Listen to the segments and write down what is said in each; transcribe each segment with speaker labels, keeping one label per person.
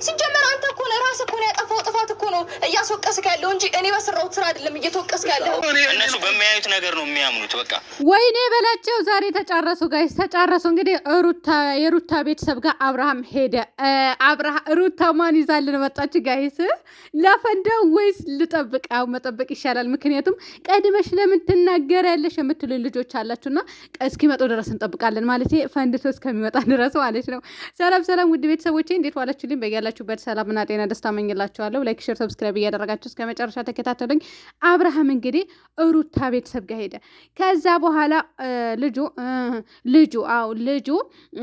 Speaker 1: Sí. እያስወቀስክ ያለው እንጂ እኔ በሰራሁት ስራ አይደለም እየተወቀስክ ያለው።
Speaker 2: እነሱ በሚያዩት ነገር ነው የሚያምኑት። በቃ
Speaker 1: ወይኔ በላቸው። ዛሬ ተጫረሱ ጋይስ፣ ተጫረሱ። እንግዲህ ሩታ የሩታ ቤተሰብ ጋር አብርሃም ሄደ። አብርሃ ሩታ ማን ይዛልን መጣች ጋይስ? ላፈንዳው ወይስ ልጠብቅ? ያው መጠበቅ ይሻላል። ምክንያቱም ቀድመሽ ለምን ትናገሪያለሽ የምትሉ ልጆች አላችሁና እስኪመጡ ድረስ እንጠብቃለን ማለት ፈንድቶ እስከሚመጣ ድረስ ማለት ነው። ሰላም ሰላም፣ ውድ ቤተሰቦቼ እንዴት ዋላችሁልኝ? በያላችሁበት ሰላምና ጤና ደስታ መኝላችኋለሁ። ላይክ፣ ሼር፣ ሰብስክራይብ እያደረ እያደረጋችሁ እስከ መጨረሻ ተከታተሉኝ። አብርሃም እንግዲህ ሩታ ቤተሰብ ጋር ሄደ። ከዛ በኋላ ልጁ ልጁ አዎ ልጁ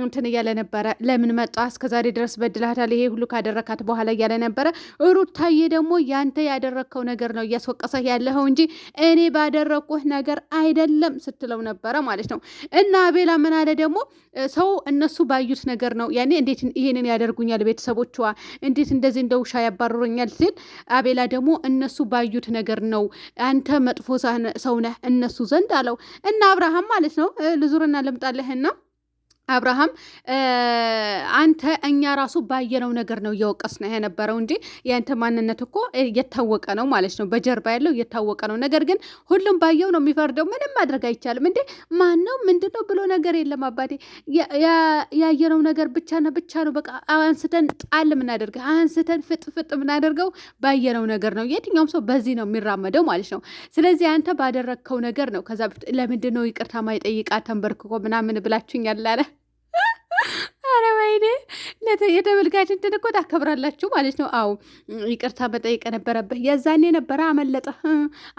Speaker 1: እንትን እያለ ነበረ፣ ለምን መጣ እስከዛሬ ድረስ በድላታል፣ ይሄ ሁሉ ካደረካት በኋላ እያለ ነበረ። ሩታዬ ደግሞ ያንተ ያደረግከው ነገር ነው እያስወቀሰህ ያለኸው እንጂ እኔ ባደረግኩህ ነገር አይደለም ስትለው ነበረ ማለት ነው። እና አቤላ ምን አለ ደግሞ ሰው እነሱ ባዩት ነገር ነው ያኔ እንዴት ይሄንን ያደርጉኛል ቤተሰቦቿ እንዴት እንደዚህ እንደ ውሻ ያባርሩኛል ሲል አቤላ ደግሞ እነሱ ባዩት ነገር ነው። አንተ መጥፎ ሰው ነህ እነሱ ዘንድ አለው እና አብርሃም ማለት ነው ልዙርና ልምጣልህና አብርሃም አንተ እኛ ራሱ ባየነው ነገር ነው እየወቀስነው የነበረው እንጂ የአንተ ማንነት እኮ የታወቀ ነው ማለት ነው። በጀርባ ያለው እየታወቀ ነው። ነገር ግን ሁሉም ባየው ነው የሚፈርደው። ምንም ማድረግ አይቻልም። እንዴ ማን ነው ምንድን ነው ብሎ ነገር የለም። አባቴ ያየነው ነገር ብቻና ብቻ ነው። በቃ አንስተን ጣል ምናደርገ አንስተን ፍጥፍጥ ምናደርገው ባየነው ነገር ነው። የትኛውም ሰው በዚህ ነው የሚራመደው ማለት ነው። ስለዚህ አንተ ባደረግከው ነገር ነው። ከዛ ለምንድን ነው ይቅርታ ማይጠይቃ ተንበርክኮ ምናምን ብላችሁኛል አለ የደበልጋችን እኮ ታከብራላችሁ ማለት ነው። አዎ ይቅርታ መጠየቅ ነበረብህ የዛኔ ነበረ። አመለጠ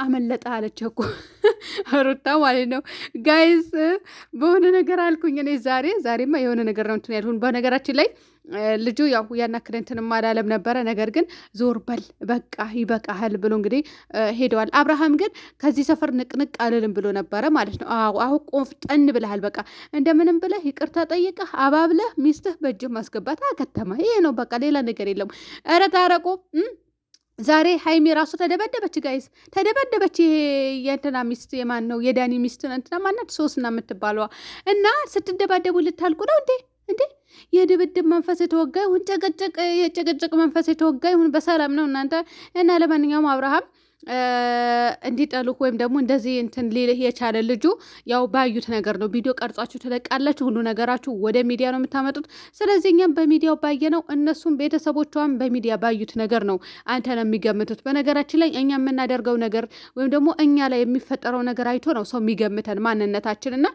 Speaker 1: አመለጠ አለች እኮ ሩታ ማለት ነው። ጋይዝ በሆነ ነገር አልኩኝ እኔ ዛሬ ዛሬማ የሆነ ነገር ነው እንትን ያልሁን በነገራችን ላይ ልጁ ያው ያናክል እንትን ማዳለም ነበረ። ነገር ግን ዞር በል በቃ ይበቃሃል ብሎ እንግዲህ ሄደዋል። አብርሃም ግን ከዚህ ሰፈር ንቅንቅ አልልም ብሎ ነበረ ማለት ነው። አዎ አሁን ቆፍጠን ብለሃል። በቃ እንደምንም ብለህ ይቅርታ ጠይቀህ አባብለህ ሚስትህ በእጅ ማስገባት አከተማ። ይሄ ነው በቃ፣ ሌላ ነገር የለም። ኧረ ታረቁ። ዛሬ ሀይሚ ራሱ ተደበደበች፣ ጋይስ ተደበደበች። ይሄ የእንትና ሚስት የማን ነው? የዳኒ ሚስት እንትና ማናት? ሶስና የምትባለዋ እና ስትደባደቡ ልታልቁ ነው እንዴ? እንዴ የድብድብ መንፈስ የተወጋ ይሁን ጨቀጨቅ የጨቀጨቅ መንፈስ የተወጋ ይሁን በሰላም ነው እናንተ እና ለማንኛውም አብርሃም እንዲጠሉህ ወይም ደግሞ እንደዚህ እንትን ሊልህ የቻለ ልጁ ያው ባዩት ነገር ነው። ቪዲዮ ቀርጻችሁ ትለቃላችሁ፣ ሁሉ ነገራችሁ ወደ ሚዲያ ነው የምታመጡት። ስለዚህ እኛም በሚዲያው ባየነው እነሱም ቤተሰቦቿም በሚዲያ ባዩት ነገር ነው አንተ ነው የሚገምቱት። በነገራችን ላይ እኛ የምናደርገው ነገር ወይም ደግሞ እኛ ላይ የሚፈጠረው ነገር አይቶ ነው ሰው የሚገምተን ማንነታችን እና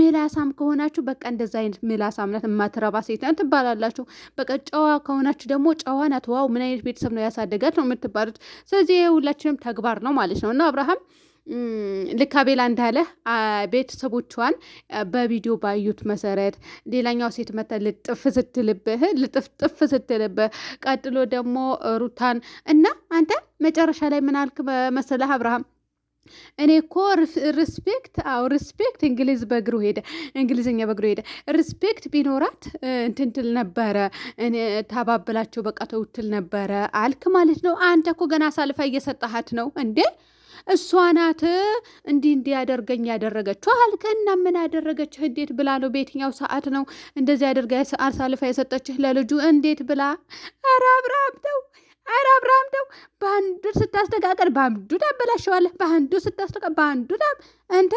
Speaker 1: ምላሳም ከሆናችሁ በቃ እንደዚ አይነት ምላሳምነት የማትረባ ሴት ናት ትባላላችሁ። በቃ ጨዋ ከሆናችሁ ደግሞ ጨዋ ናት፣ ዋው ምን አይነት ቤተሰብ ነው ያሳደጋት ነው የምትባሉት። ስለዚህ የሁላችንም ተግባር ነው ማለት ነው እና አብርሃም ልክ አቤላ እንዳለ ቤተሰቦቿን በቪዲዮ ባዩት መሰረት ሌላኛው ሴት መተ ልጥፍ ስትልብህ ልጥፍጥፍ ስትልብህ፣ ቀጥሎ ደግሞ ሩታን እና አንተ መጨረሻ ላይ ምናልክ መሰለህ አብርሃም እኔ እኮ ሪስፔክት አዎ ሪስፔክት እንግሊዝ በእግሩ ሄደ እንግሊዝኛ በእግሩ ሄደ። ሪስፔክት ቢኖራት እንትን ትል ነበረ ታባብላቸው በቃ ተውትል ነበረ አልክ ማለት ነው። አንተ እኮ ገና አሳልፋ እየሰጠሃት ነው እንዴ? እሷ ናት እንዲህ እንዲህ ያደርገኝ ያደረገችው አልከ። እና ምን ያደረገችህ? እንዴት ብላ ነው? በየትኛው ሰዓት ነው እንደዚህ አድርጋ አሳልፋ የሰጠችህ ለልጁ? እንዴት ብላ? ኧረ አብርሃም ተው አረ አብርሃም ደው በአንዱ ስታስተቃቀል በአንዱ ታበላሸዋለ፣ በአንዱ ስታስተቃ በአንዱ ዳ እንተ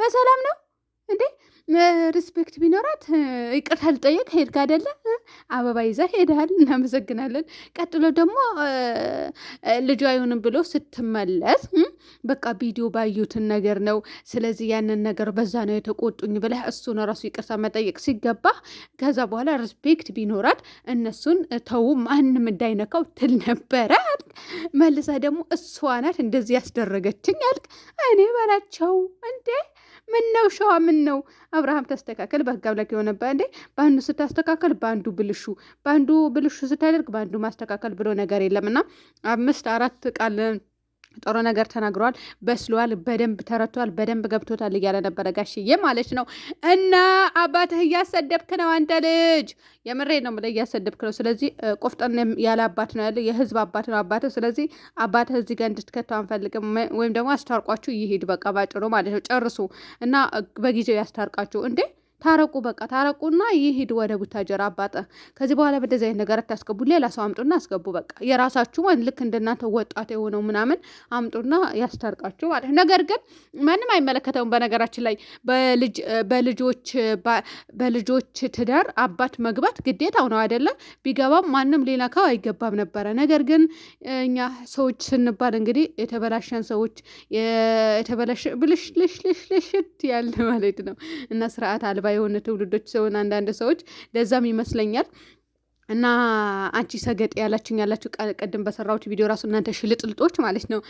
Speaker 1: በሰላም ነው እንዴ? ሪስፔክት ቢኖራት ይቅርታ ልጠየቅ ሄድክ አይደለ? አበባ ይዛ ሄዳል። እናመሰግናለን። ቀጥሎ ደግሞ ልጇ አይሆንም ብሎ ስትመለስ በቃ ቪዲዮ ባዩትን ነገር ነው። ስለዚህ ያንን ነገር በዛ ነው የተቆጡኝ ብላ እሱን ራሱ ይቅርታ መጠየቅ ሲገባ ከዛ በኋላ ሪስፔክት ቢኖራት እነሱን ተዉ፣ ማንም እንዳይነካው ትል ነበረ አልክ። መልሳ ደግሞ እሷ ናት እንደዚህ ያስደረገችኝ አልክ። እኔ በላቸው እንዴ ምን ነው ሸዋ ምን ነው አብርሃም ተስተካከል። በህጋብ አምላክ የሆነበት እንዴ በአንዱ ስታስተካከል በአንዱ ብልሹ በአንዱ ብልሹ ስታደርግ በአንዱ ማስተካከል ብሎ ነገር የለምና አምስት አራት ቃል ጥሩ ነገር ተናግረዋል። በስለዋል፣ በደንብ ተረቷል፣ በደንብ ገብቶታል እያለ ነበረ ጋሽዬ ማለት ነው። እና አባትህ እያሰደብክ ነው አንተ ልጅ፣ የምሬ ነው የምልህ እያሰደብክ ነው። ስለዚህ ቆፍጠን ያለ አባት ነው ያለ የህዝብ አባት ነው አባትህ። ስለዚህ አባትህ እዚህ ጋር እንድትከተው አንፈልግም፣ ወይም ደግሞ አስታርቋችሁ ይሄድ በቃ ባጭሩ ማለት ነው። ጨርሱ እና በጊዜው ያስታርቃችሁ እንዴ ታረቁ፣ በቃ ታረቁና ይሂድ ወደ ቡታጀራ አባጠ። ከዚህ በኋላ በደዚ አይነት ነገር አታስገቡ፣ ሌላ ሰው አምጡና አስገቡ። በቃ የራሳችሁ ልክ እንደናንተ ወጣት የሆነው ምናምን አምጡና ያስታርቃችሁ ማለት። ነገር ግን ማንም አይመለከተውም። በነገራችን ላይ በልጆች በልጆች ትዳር አባት መግባት ግዴታው ነው አይደለ? ቢገባም ማንም ካው አይገባም ነበረ። ነገር ግን እኛ ሰዎች ስንባል እንግዲህ የተበላሸን ሰዎች የተበላሸ ብልሽልሽልሽልሽት ያለ ማለት ነው እና ስርዓት አልባ የሆነ ትውልዶች ሲሆን አንዳንድ ሰዎች ለዛም ይመስለኛል እና አንቺ ሰገጥ ያላችሁኝ ያላችሁ ቀደም በሰራሁት ቪዲዮ ራሱ እናንተ ሽልጥልጦች ማለት ነው።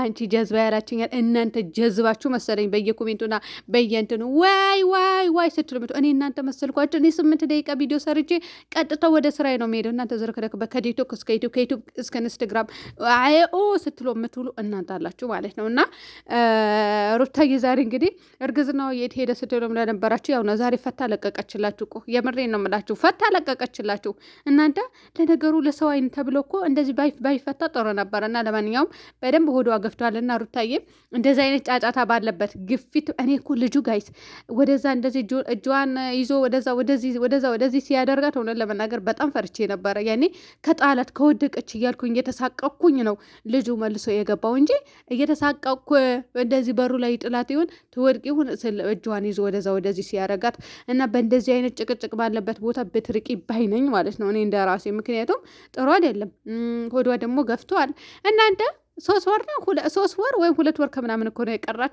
Speaker 1: አንቺ ጀዝባ ያላችሁኝ እናንተ ጀዝባችሁ መሰለኝ በየኮሜንቱና በየእንትኑ ዋይ ዋይ ዋይ ስትሉ እኔ እናንተ መሰልኳቸው። እኔ ስምንት ደቂቃ ቪዲዮ ሰርቼ ቀጥተው ወደ ስራዬ ነው የምሄደው። እናንተ ዘረከረክበት ከቲክቶክ እስከ ዩቱብ ከዩቱብ እስከ ኢንስትግራም አይኦ ስትሎ የምትውሉ እናንተ አላችሁ ማለት ነው። እና ሩታዬ ዛሬ እንግዲህ እርግዝናው የት ሄደ ስትሉ ለነበራችሁ ያው ነው ዛሬ ፈታ ለቀቀችላችሁ። የምሬን ነው የምላችሁ ፈታ ለቀቀችላችሁ። እናንተ ለነገሩ ለሰው አይን ተብሎ እኮ እንደዚህ ባይፈታ ጥሩ ነበረ። እና ለማንኛውም በደንብ ሆዷ ገፍቷል። እና ሩታዬ እንደዚህ አይነት ጫጫታ ባለበት ግፊት እኔ እኮ ልጁ ጋይስ ወደዛ እንደዚህ እጇን ይዞ ወደዛ ወደዚህ ወደዛ ወደዚህ ሲያደርጋት ሆነ ለመናገር በጣም ፈርቼ ነበረ። ያኔ ከጣላት ከወደቀች እያልኩኝ እየተሳቀኩኝ ነው ልጁ መልሶ የገባው እንጂ እየተሳቀኩ እንደዚህ በሩ ላይ ጥላት ይሁን ትወድቅ ይሁን እጇን ይዞ ወደዛ ወደዚህ ሲያደርጋት እና በእንደዚህ አይነት ጭቅጭቅ ባለበት ቦታ ብትርቂ ባይነኝ ማለት ነው። ነው እኔ እንደ ራሴ። ምክንያቱም ጥሩ አይደለም፣ ሆዷ ደግሞ ገፍቷል። እናንተ ሶስት ወር ነው ሶስት ወር ወይም ሁለት ወር ከምናምን እኮ ነው የቀራት።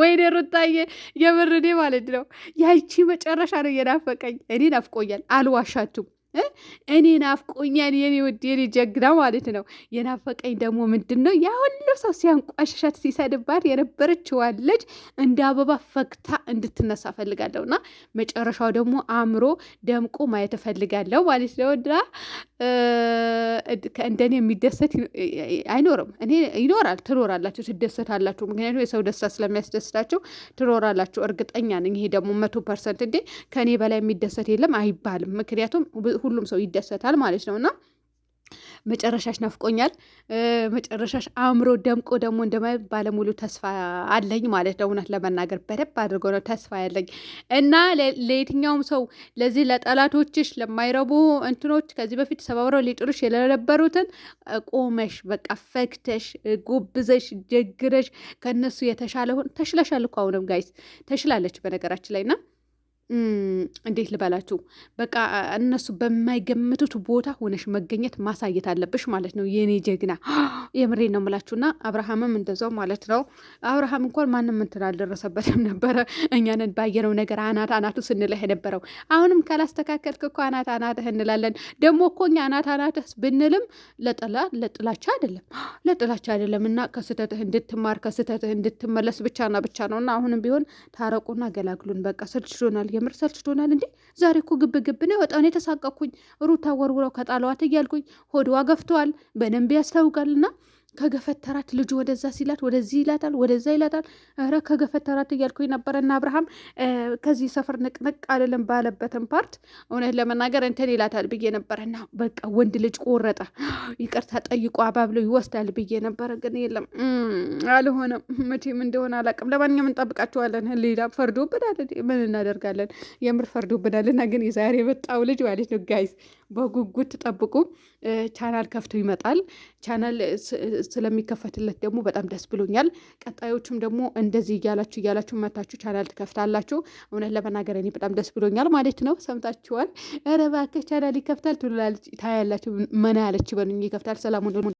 Speaker 1: ወይኔ ሩታዬ የምር ማለት ነው ያቺ መጨረሻ ነው የናፈቀኝ። እኔ ናፍቆኛል፣ አልዋሻችሁም። እኔ ናፍቆኛል የኔ ውድ የኔ ጀግና ማለት ነው። የናፈቀኝ ደግሞ ምንድን ነው? ያ ሁሉ ሰው ሲያንቋሸሻት ሲሰድባት የነበረችዋን ልጅ እንደ አበባ ፈግታ እንድትነሳ እፈልጋለሁ እና መጨረሻው ደግሞ አእምሮ ደምቆ ማየት እፈልጋለሁ ማለት ነው እና እንደኔ የሚደሰት አይኖርም። እኔ ይኖራል፣ ትኖራላችሁ፣ ትደሰታላችሁ። ምክንያቱም የሰው ደስታ ስለሚያስደስታችሁ ትኖራላችሁ፣ እርግጠኛ ነኝ። ይሄ ደግሞ መቶ ፐርሰንት እንዴ ከእኔ በላይ የሚደሰት የለም አይባልም። ምክንያቱም ሁሉም ሰው ይደሰታል ማለት ነው እና መጨረሻሽ ናፍቆኛል። መጨረሻሽ አእምሮ ደምቆ ደግሞ እንደማይ ባለሙሉ ተስፋ አለኝ ማለት ነው። እውነት ለመናገር በደንብ አድርጎ ነው ተስፋ ያለኝ እና ለየትኛውም ሰው ለዚህ ለጠላቶችሽ፣ ለማይረቡ እንትኖች ከዚህ በፊት ሰባብረው ሊጥሩሽ የለነበሩትን ቆመሽ በቃ ፈክተሽ ጎብዘሽ ጀግረሽ ከነሱ የተሻለ ሆን ተሽለሻል እኮ አሁንም ጋይስ ተሽላለች በነገራችን ላይ ና እንዴት ልበላችሁ፣ በቃ እነሱ በማይገምቱት ቦታ ሆነሽ መገኘት ማሳየት አለብሽ ማለት ነው የኔ ጀግና። የምሬ ነው የምላችሁና አብርሃምም እንደዛው ማለት ነው። አብርሃም እንኳን ማንም እንትን አልደረሰበትም ነበረ። እኛንን ባየነው ነገር አናት አናቱ ስንልህ የነበረው አሁንም ካላስተካከልክ እኮ አናት አናትህ እንላለን። ደግሞ እኮ እኛ አናት አናትህ ብንልም ለጥላ ለጥላቻ አይደለም ለጥላቻ አይደለም። እና ከስህተትህ እንድትማር ከስህተትህ እንድትመለስ ብቻና ብቻ ነው። እና አሁንም ቢሆን ታረቁና ገላግሉን በቃ ስልችሎናል። የምር ሰልችቶናል እንዴ! ዛሬ እኮ ግብ ግብ ነው ወጣኔ የተሳቀኩኝ ሩታ ወርውረው ከጣለዋት እያልኩኝ ሆድዋ ገፍተዋል። በደንብ ያስታውቃልና ከገፈተራት ልጁ ወደዛ ሲላት ወደዚህ ይላታል፣ ወደዛ ይላታል። ኧረ ከገፈተራት እያልኩኝ ነበረ። እና አብርሃም ከዚህ ሰፈር ንቅንቅ አልልም ባለበትን ፓርት እውነት ለመናገር እንትን ይላታል ብዬ ነበረ። እና በቃ ወንድ ልጅ ቆረጠ፣ ይቅርታ ጠይቆ አባብሎ ይወስዳል ብዬ ነበረ። ግን የለም አልሆነም። መቼም እንደሆነ አላውቅም። ለማንኛውም እንጠብቃቸዋለን። ሌላ ፈርዶብናል፣ ምን እናደርጋለን? የምር ፈርዶብናል። እና ግን የዛሬ የመጣው ልጅ ማለት ነው ጋይዝ በጉጉት ጠብቁ። ቻናል ከፍቶ ይመጣል። ቻናል ስለሚከፈትለት ደግሞ በጣም ደስ ብሎኛል። ቀጣዮቹም ደግሞ እንደዚህ እያላችሁ እያላችሁ መታችሁ ቻናል ትከፍታላችሁ። እውነት ለመናገር እኔ በጣም ደስ ብሎኛል ማለት ነው። ሰምታችኋል። ኧረ እባክህ ቻናል ይከፍታል ትላለች ታያላችሁ። መና ያለች በሉኝ ይከፍታል። ሰላሙን